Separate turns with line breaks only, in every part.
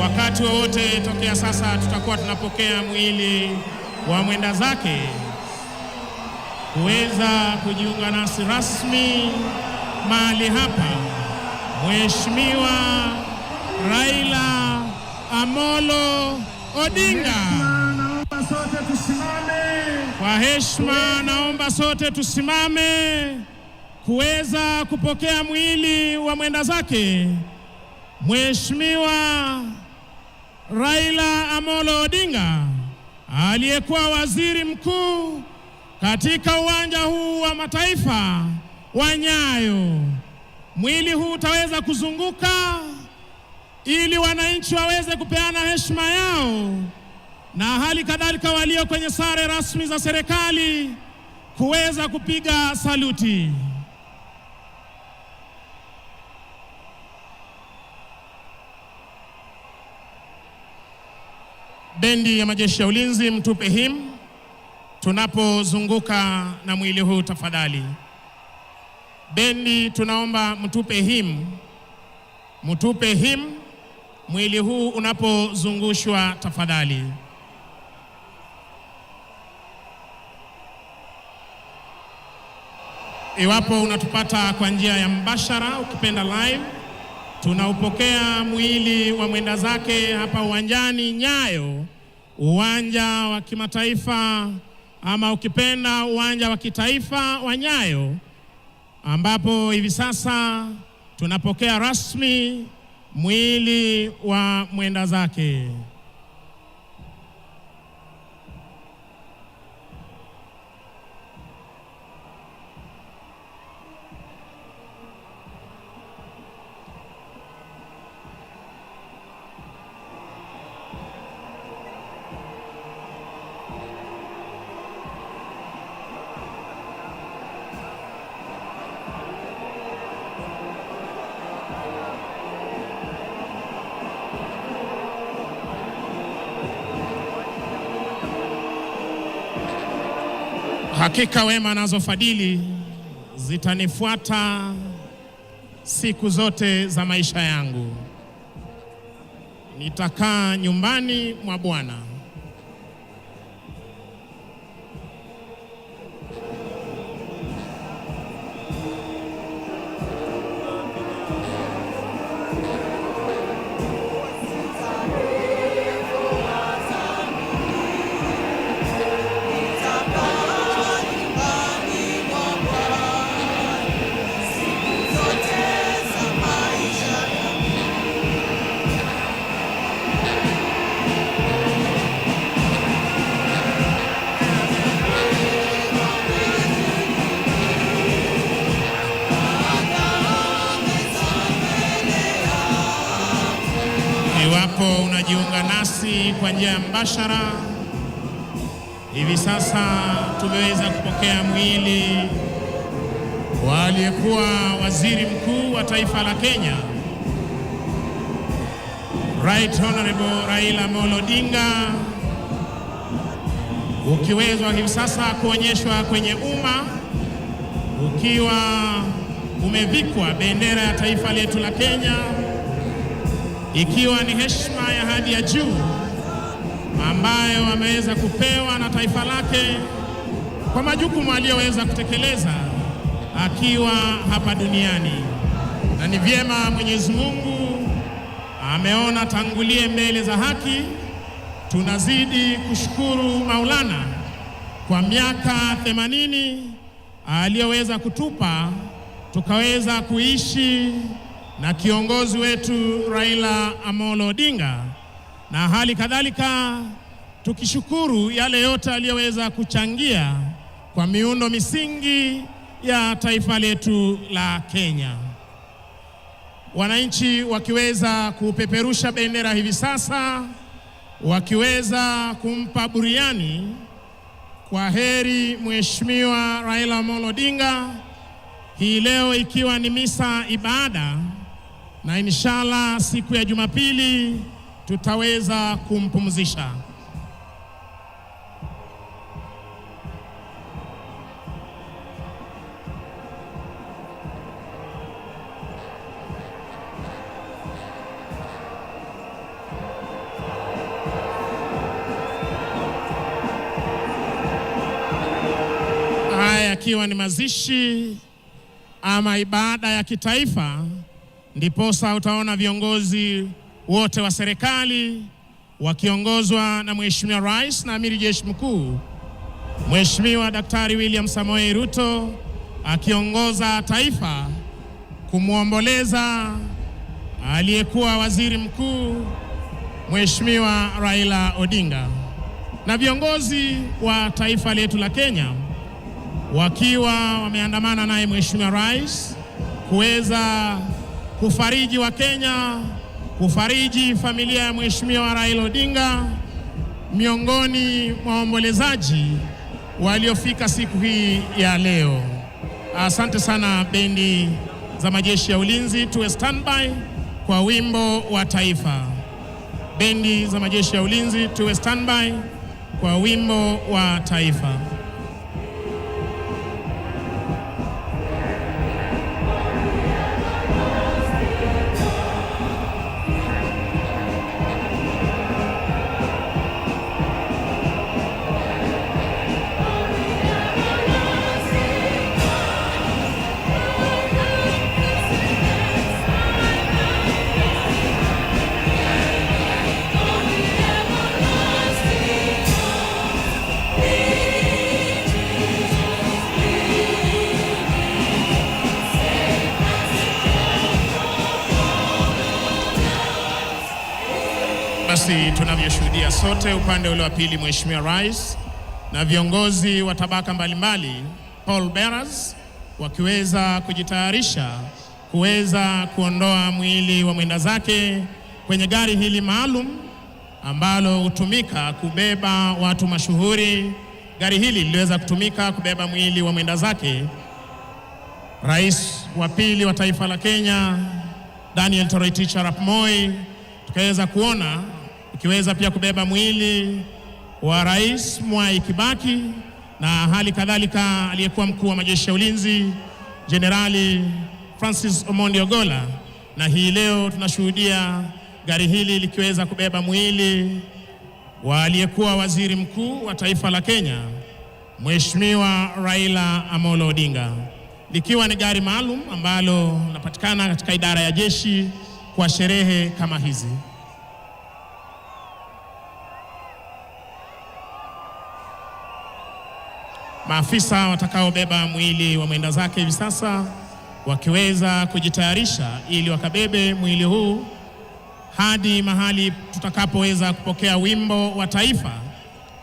wakati wowote tokea sasa tutakuwa tunapokea mwili wa mwenda zake kuweza kujiunga nasi rasmi mahali hapa. Mheshimiwa Raila Amolo Odinga, kwa heshima naomba sote tusimame kuweza kupokea mwili wa mwenda zake Mheshimiwa Raila Amolo Odinga aliyekuwa waziri mkuu katika uwanja huu wa Mataifa wa Nyayo. Mwili huu utaweza kuzunguka ili wananchi waweze kupeana heshima yao, na hali kadhalika walio kwenye sare rasmi za serikali kuweza kupiga saluti. bendi ya majeshi ya ulinzi mtupe him tunapozunguka na mwili huu tafadhali. Bendi tunaomba mtupe him, mtupe him mwili huu unapozungushwa tafadhali. Iwapo unatupata kwa njia ya mbashara, ukipenda live tunaupokea mwili wa mwenda zake hapa uwanjani Nyayo, uwanja wa kimataifa ama ukipenda uwanja wa kitaifa wa Nyayo, ambapo hivi sasa tunapokea rasmi mwili wa mwenda zake. Hakika wema nazo fadhili zitanifuata siku zote za maisha yangu, nitakaa nyumbani mwa Bwana. kwa njia ya mbashara. Hivi sasa tumeweza kupokea mwili wa aliyekuwa waziri mkuu wa taifa la Kenya Right Honorable Raila Amolo Odinga ukiwezwa hivi sasa kuonyeshwa kwenye umma ukiwa umevikwa bendera ya taifa letu la Kenya ikiwa ni heshima ya hadhi ya juu ambayo ameweza kupewa na taifa lake kwa majukumu aliyoweza kutekeleza akiwa hapa duniani, na ni vyema Mwenyezi Mungu ameona tangulie mbele za haki. Tunazidi kushukuru Maulana kwa miaka 80 aliyoweza kutupa tukaweza kuishi na kiongozi wetu Raila Amolo Odinga na hali kadhalika tukishukuru yale yote aliyoweza kuchangia kwa miundo misingi ya taifa letu la Kenya. Wananchi wakiweza kupeperusha bendera hivi sasa, wakiweza kumpa buriani kwa heri Mheshimiwa Raila Amolo Odinga, hii leo ikiwa ni misa ibada, na inshallah siku ya Jumapili tutaweza kumpumzisha. Haya yakiwa ni mazishi ama ibada ya kitaifa, ndiposa utaona viongozi wote wa serikali wakiongozwa na Mheshimiwa Rais na Amiri Jeshi Mkuu Mheshimiwa Daktari William Samoei Ruto akiongoza taifa kumwomboleza aliyekuwa waziri mkuu Mheshimiwa Raila Odinga na viongozi wa taifa letu la Kenya wakiwa wameandamana naye Mheshimiwa Rais kuweza kufariji wa kenya kufariji familia ya Mheshimiwa Raila Odinga miongoni mwa waombolezaji waliofika siku hii ya leo. Asante sana bendi za majeshi ya ulinzi, tuwe standby kwa wimbo wa taifa. Bendi za majeshi ya ulinzi, tuwe standby kwa wimbo wa taifa. Basi tunavyoshuhudia sote, upande ule wa pili, Mheshimiwa Rais na viongozi wa tabaka mbalimbali Paul Bearers wakiweza kujitayarisha kuweza kuondoa mwili wa mwenda zake kwenye gari hili maalum ambalo hutumika kubeba watu mashuhuri. Gari hili liliweza kutumika kubeba mwili wa mwenda zake rais wa pili wa taifa la Kenya Daniel Toroitich Arap Moi, tukaweza kuona ikiweza pia kubeba mwili wa Rais Mwai Kibaki na hali kadhalika aliyekuwa mkuu wa majeshi ya ulinzi Jenerali Francis Omondi Ogola, na hii leo tunashuhudia gari hili likiweza kubeba mwili wa aliyekuwa waziri mkuu wa taifa la Kenya Mheshimiwa Raila Amolo Odinga, likiwa ni gari maalum ambalo linapatikana katika idara ya jeshi kwa sherehe kama hizi. Maafisa watakaobeba mwili wa mwenda zake hivi sasa wakiweza kujitayarisha ili wakabebe mwili huu hadi mahali tutakapoweza kupokea wimbo wa taifa,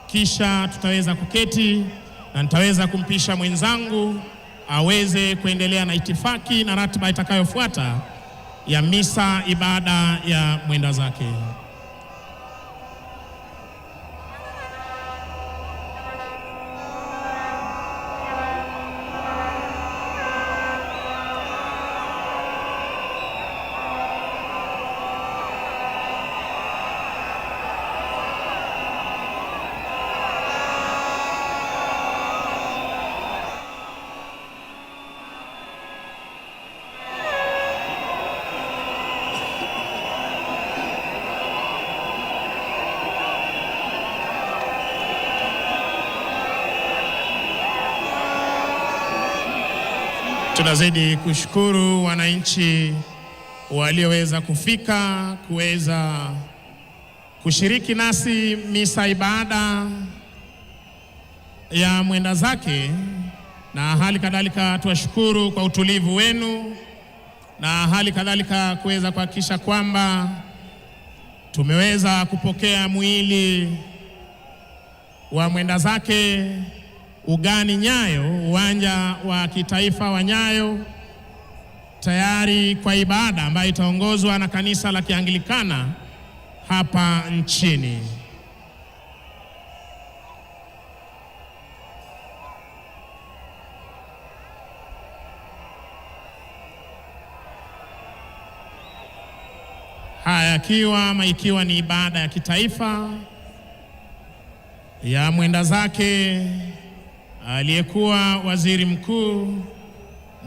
kisha tutaweza kuketi na nitaweza kumpisha mwenzangu aweze kuendelea na itifaki na ratiba itakayofuata ya misa ibada ya mwenda zake. Tunazidi kushukuru wananchi walioweza kufika kuweza kushiriki nasi misa ibada ya mwenda zake, na hali kadhalika tuwashukuru kwa utulivu wenu, na hali kadhalika kuweza kuhakikisha kwamba tumeweza kupokea mwili wa mwenda zake ugani Nyayo, uwanja wa kitaifa wa Nyayo tayari kwa ibada ambayo itaongozwa na kanisa la Kianglikana hapa nchini. Haya, kiwa ikiwa ni ibada ya kitaifa ya mwenda zake aliyekuwa waziri mkuu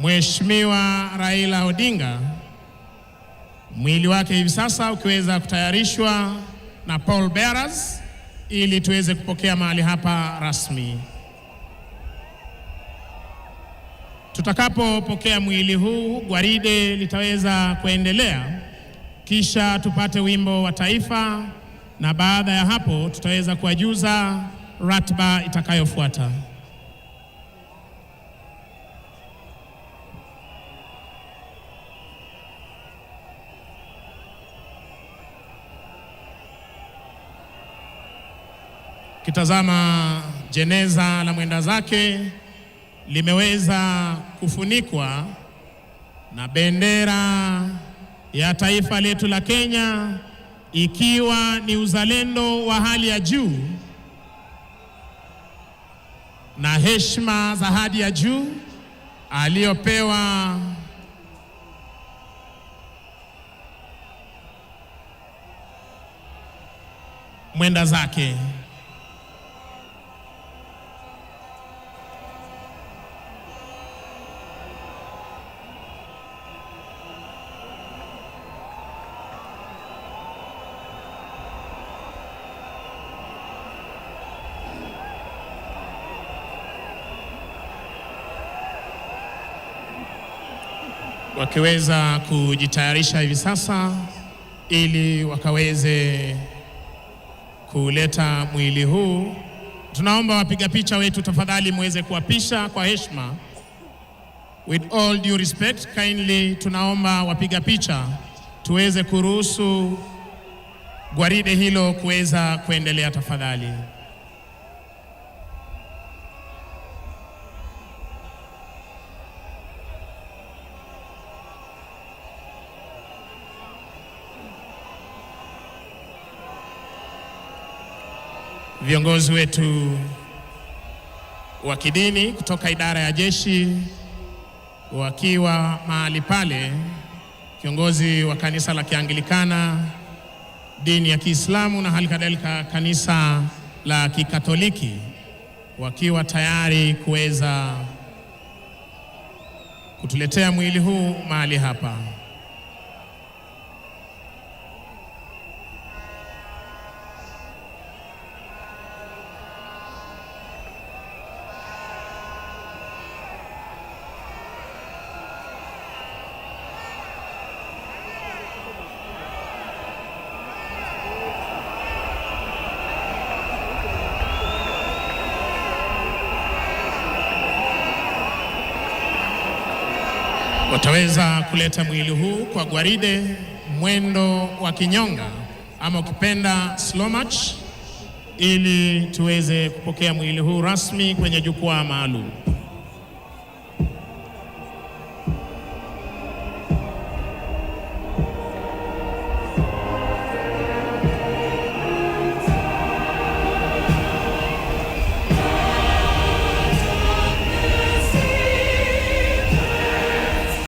Mheshimiwa Raila Odinga, mwili wake hivi sasa ukiweza kutayarishwa na paul bearers ili tuweze kupokea mahali hapa rasmi. Tutakapopokea mwili huu, gwaride litaweza kuendelea, kisha tupate wimbo wa taifa, na baada ya hapo tutaweza kuwajuza ratiba itakayofuata. Kitazama jeneza la mwenda zake limeweza kufunikwa na bendera ya taifa letu la Kenya, ikiwa ni uzalendo wa hali ya juu na heshima za hadi ya juu aliyopewa mwenda zake. wakiweza kujitayarisha hivi sasa ili wakaweze kuleta mwili huu. Tunaomba wapiga picha wetu tafadhali muweze kuwapisha kwa heshima. With all due respect, kindly tunaomba wapiga picha tuweze kuruhusu gwaride hilo kuweza kuendelea tafadhali. viongozi wetu wa kidini kutoka idara ya jeshi wakiwa mahali pale, kiongozi wa kanisa la Kianglikana, dini ya Kiislamu na hali kadhalika kanisa la Kikatoliki wakiwa tayari kuweza kutuletea mwili huu mahali hapa. Tunaweza kuleta mwili huu kwa gwaride, mwendo wa kinyonga ama ukipenda slow march, ili tuweze kupokea mwili huu rasmi kwenye jukwaa maalum.